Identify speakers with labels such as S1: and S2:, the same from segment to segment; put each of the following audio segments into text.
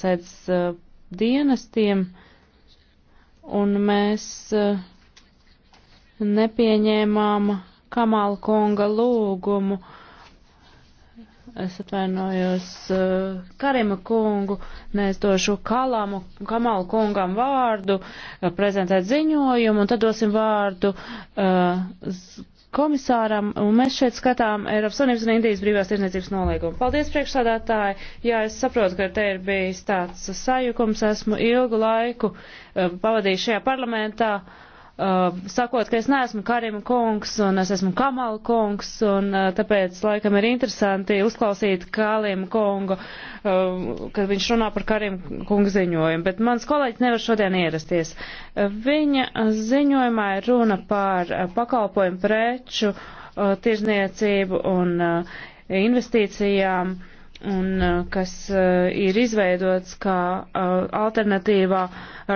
S1: uzticēts uh, dienestiem, un mēs uh, nepieņēmām Kamala Konga lūgumu. Es atvainojos uh, Karima kungu, nē, es došu Kalamu, Kamalu kungam vārdu, uh, prezentēt ziņojumu, un tad dosim vārdu uh, komisāram, un mēs šeit skatām Eiropas Savienības un Indijas brīvās tirzniecības nolīgumu. Paldies, priekšsādātāji! Jā, es saprotu, ka te ir bijis tāds sajukums, esmu ilgu laiku eh, pavadījis šajā parlamentā. Uh, Uh, sakot, ka es neesmu Karim kungs un es esmu Kamal kungs, un uh, tāpēc laikam ir interesanti uzklausīt Kalim kungu, uh, kad viņš runā par Karim kungu ziņojumu, bet mans kolēģis nevar šodien ierasties. Uh, viņa ziņojumā ir runa par uh, pakalpojumu preču uh, tirzniecību un investīcijām un uh, kas uh, ir izveidots kā uh, alternatīvā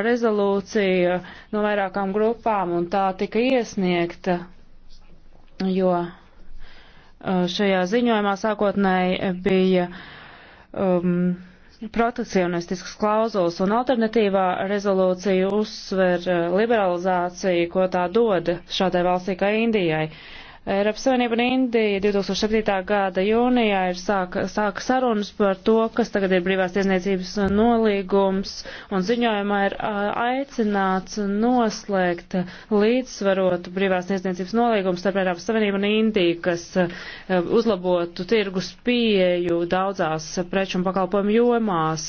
S1: rezolūcija no vairākām grupām, un tā tika iesniegta, jo šajā ziņojumā sākotnēji bija um, protekcionistisks klauzuls, un alternatīvā rezolūcija uzsver liberalizāciju, ko tā dod šādai valstī kā Indijai. Uh, Eiropas Savienība un Indija 2007. gada jūnijā ir sāka, sāka sarunas par to, kas tagad ir brīvās tiesniecības nolīgums, un ziņojumā ir aicināts noslēgt līdzsvarotu brīvās tiesniecības nolīgumu starp Eiropas Savienību un Indiju, kas uzlabotu tirgus pieeju daudzās preču un pakalpojumu jomās.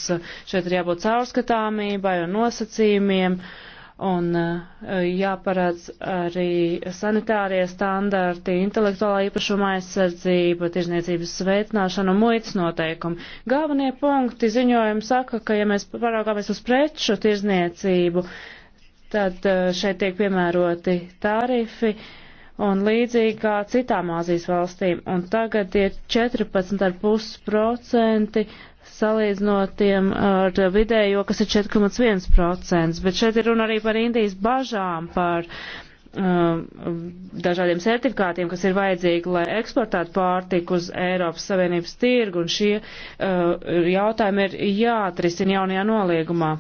S1: Šeit ir jābūt caurskatāmībai un nosacījumiem. Uh, un eh, jāparāds arī sanitārie standarti, intelektuālā īpašuma aizsardzība, tirzniecības sveicināšana un muitas noteikumi. Galvenie punkti ziņojumi saka, ka ja mēs paraugāmies uz preču tirzniecību, tad eh, šeit tiek piemēroti tarifi un līdzīgi kā citām Āzijas valstīm. Un tagad ir 14,5% salīdzinot tiem ar vidējo, kas ir 4,1%. Bet šeit ir runa arī par Indijas bažām, par um, dažādiem sertifikātiem, kas ir vajadzīgi, lai eksportētu pārtiku uz Eiropas Savienības tirgu, un šie uh, jautājumi ir jāatrisina jaunajā noliegumā.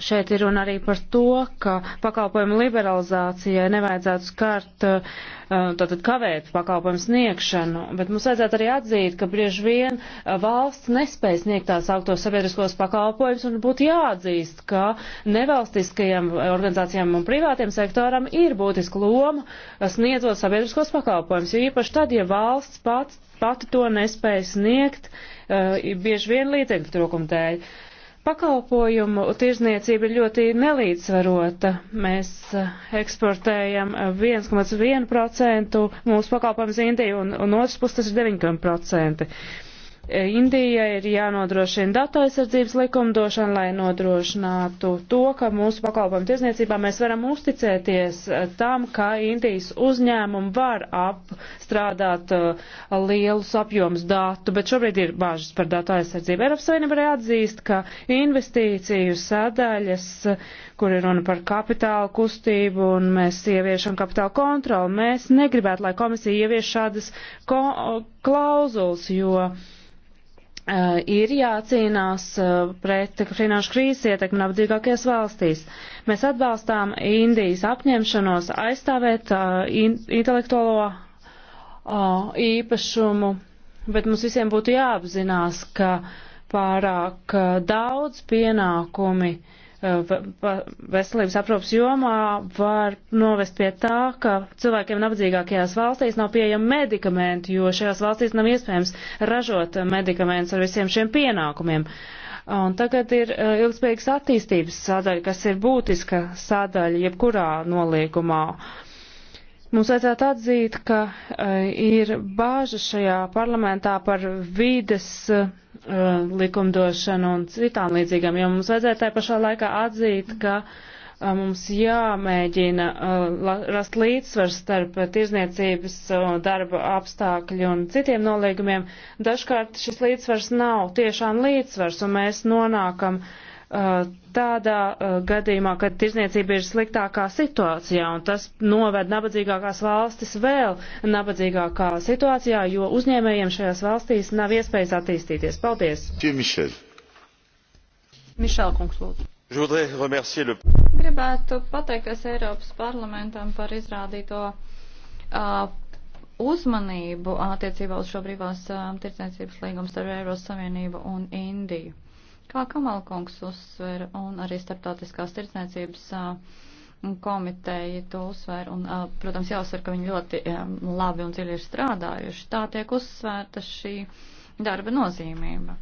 S1: Šeit ir runa arī par to, ka pakalpojumu liberalizācijai nevajadzētu skart, eh, tātad kavēt pakalpojumu sniegšanu, bet mums vajadzētu arī atzīt, ka bieži vien eh, valsts nespēj sniegt tās augtos sabiedriskos pakalpojumus un būtu jāatzīst, ka nevalstiskajiem organizācijām un privātiem sektoram ir būtiska loma eh, sniedzot sabiedriskos pakalpojumus, jo īpaši tad, ja valsts pats, pati to nespēj sniegt, bieži vien līdzekļu trūkuma dēļ. Uh, Pakalpojumu tirzniecība ir ļoti nelīdzsvarota. Mēs eh, eksportējam 1,1% eh, mūsu pakalpojumus Indiju un, un otrs puses tas ir 9%. Indija ir jānodrošina datu aizsardzības likumdošana, lai nodrošinātu to, ka mūsu pakalpojumu tiesniecībā mēs varam uzticēties eh, tam, ka Indijas uzņēmumi var apstrādāt eh, lielus apjomus datu, bet šobrīd ir bāžas par datu aizsardzību. Eiropas Savienība arī atzīst, ka investīciju sadaļas, kur ir runa par kapitālu kustību un mēs ieviešam kapitālu kontroli, mēs negribētu, lai komisija ievieš šādas klauzulas, jo Eh, ir jācīnās eh, pret finanšu krīzes ietekmi nabadzīgākajās valstīs. Mēs atbalstām Indijas apņemšanos aizstāvēt uh, in, intelektuālo uh, īpašumu, bet mums visiem būtu jāapzinās, ka pārāk uh, daudz pienākumi uh, Eh, veselības aprūpas jomā var novest pie tā, ka cilvēkiem nabadzīgākajās valstīs nav pieejami medikamenti, jo šajās valstīs nav iespējams ražot eh, medikamentus ar visiem šiem pienākumiem. Un tagad ir eh, ilgspējīgas attīstības sadaļa, kas ir būtiska sadaļa jebkurā nolīgumā. Mums vajadzētu atzīt, ka uh, ir bāža šajā parlamentā par vides uh, eh, likumdošanu un citām līdzīgām, jo mums vajadzētu tai pašā laikā atzīt, ka uh, mums jāmēģina uh, rast līdzsvars starp tirzniecības uh, darba apstākļu un citiem nolīgumiem. Dažkārt šis līdzsvars nav tiešām līdzsvars, un mēs nonākam uh, Eh, tādā eh, gadījumā, kad tirzniecība ir sliktākā situācijā, un tas noved nabadzīgākās valstis vēl nabadzīgākā situācijā, jo uzņēmējiem šajās valstīs nav iespējas attīstīties. Paldies!
S2: Mišel. Mišel, kungs, lūdzu. Gribētu pateikties Eiropas parlamentam par izrādīto uh, uzmanību attiecībā uz šo brīvās uh, tirdzniecības līgumu starp Eiropas Savienību un Indiju. Kā Kamalkungs uzsver un arī starptautiskās tirdzniecības komiteja to uzsver un, protams, jāuzsver, ka viņi ļoti labi un dziļi ir strādājuši. Tā tiek uzsvērta šī darba nozīmība.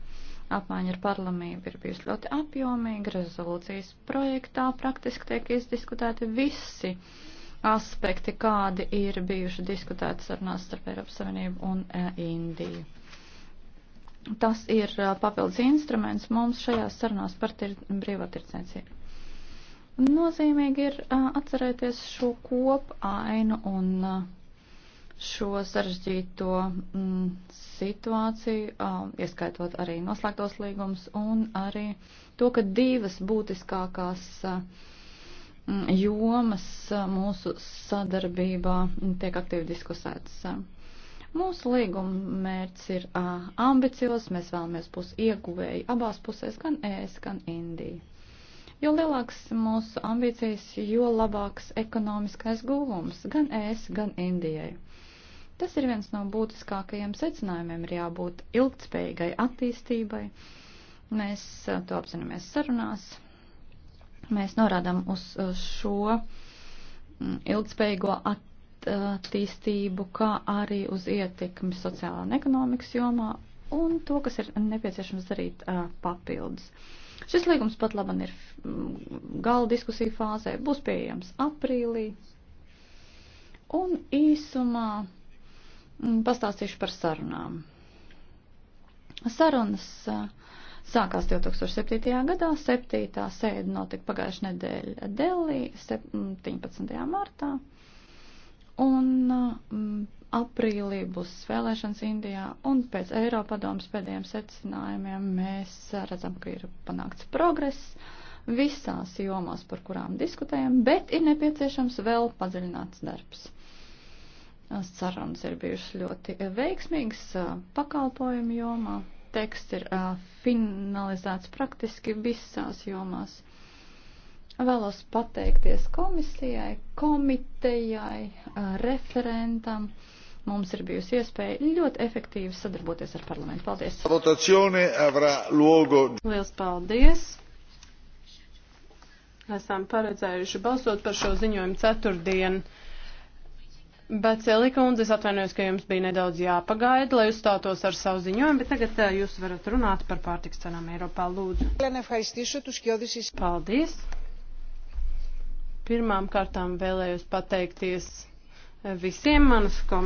S2: Apmaiņa ar parlamentu ir bijusi ļoti apjomīga, rezolūcijas projektā praktiski tiek izdiskutēti visi aspekti, kādi ir bijuši diskutēti sarunās starp Eiropas Savienību un Indiju. Tas ir papildus instruments mums šajās sarunās par tir, brīvā tirdzniecību. Nozīmīgi ir atcerēties šo kopainu un šo sarežģīto mm, situāciju, uh, ieskaitot arī noslēgtos līgumus un arī to, ka divas būtiskākās uh, jomas uh, mūsu sadarbībā tiek aktīvi diskusētas. Uh, Mūsu līguma mērķis ir uh, ambiciozs, mēs vēlamies būs ieguvēji abās pusēs, gan ES, gan Indija. Jo lielāks mūsu ambīcijas, jo labāks ekonomiskais guvums gan ES, gan Indijai. Tas ir viens no būtiskākajiem secinājumiem, ir jābūt ilgtspējīgai attīstībai. Mēs to apzināmies sarunās. Mēs norādām uz šo ilgtspējīgo attīstību attīstību, kā arī uz ietekmi sociālā un ekonomikas jomā un to, kas ir nepieciešams darīt uh, papildus. Šis līgums pat laban ir mm, gala diskusiju fāzē, būs pieejams aprīlī. Un īsumā mm, pastāstīšu par sarunām. Sarunas uh, Sākās 2007. gadā, 7. sēde notika pagājušajā nedēļā Delī, 17. martā. Un mm, aprīlī būs vēlēšanas Indijā, un pēc Eiropadomas pēdējiem secinājumiem mēs redzam, ka ir panākts progress visās jomās, par kurām diskutējam, bet ir nepieciešams vēl padziļināts darbs. Sarunas ir bijušas ļoti veiksmīgas pakalpojumu jomā. Teksts ir finalizēts praktiski visās jomās. Vēlos pateikties komisijai, komitejai, referentam. Mums ir bijusi iespēja ļoti efektīvi sadarboties ar parlamentu. Paldies! Lielas paldies! Esam paredzējuši balsot par šo ziņojumu
S1: ceturtdien. Bet, Celikundze, es atvainojos, ka jums bija nedaudz jāpagaida, lai uzstātos ar savu ziņojumu, bet tagad jūs varat runāt par pārtiks cenām Eiropā. Lūdzu. Paldies! Pirmām kārtām vēlējos pateikties visiem manas komisijas.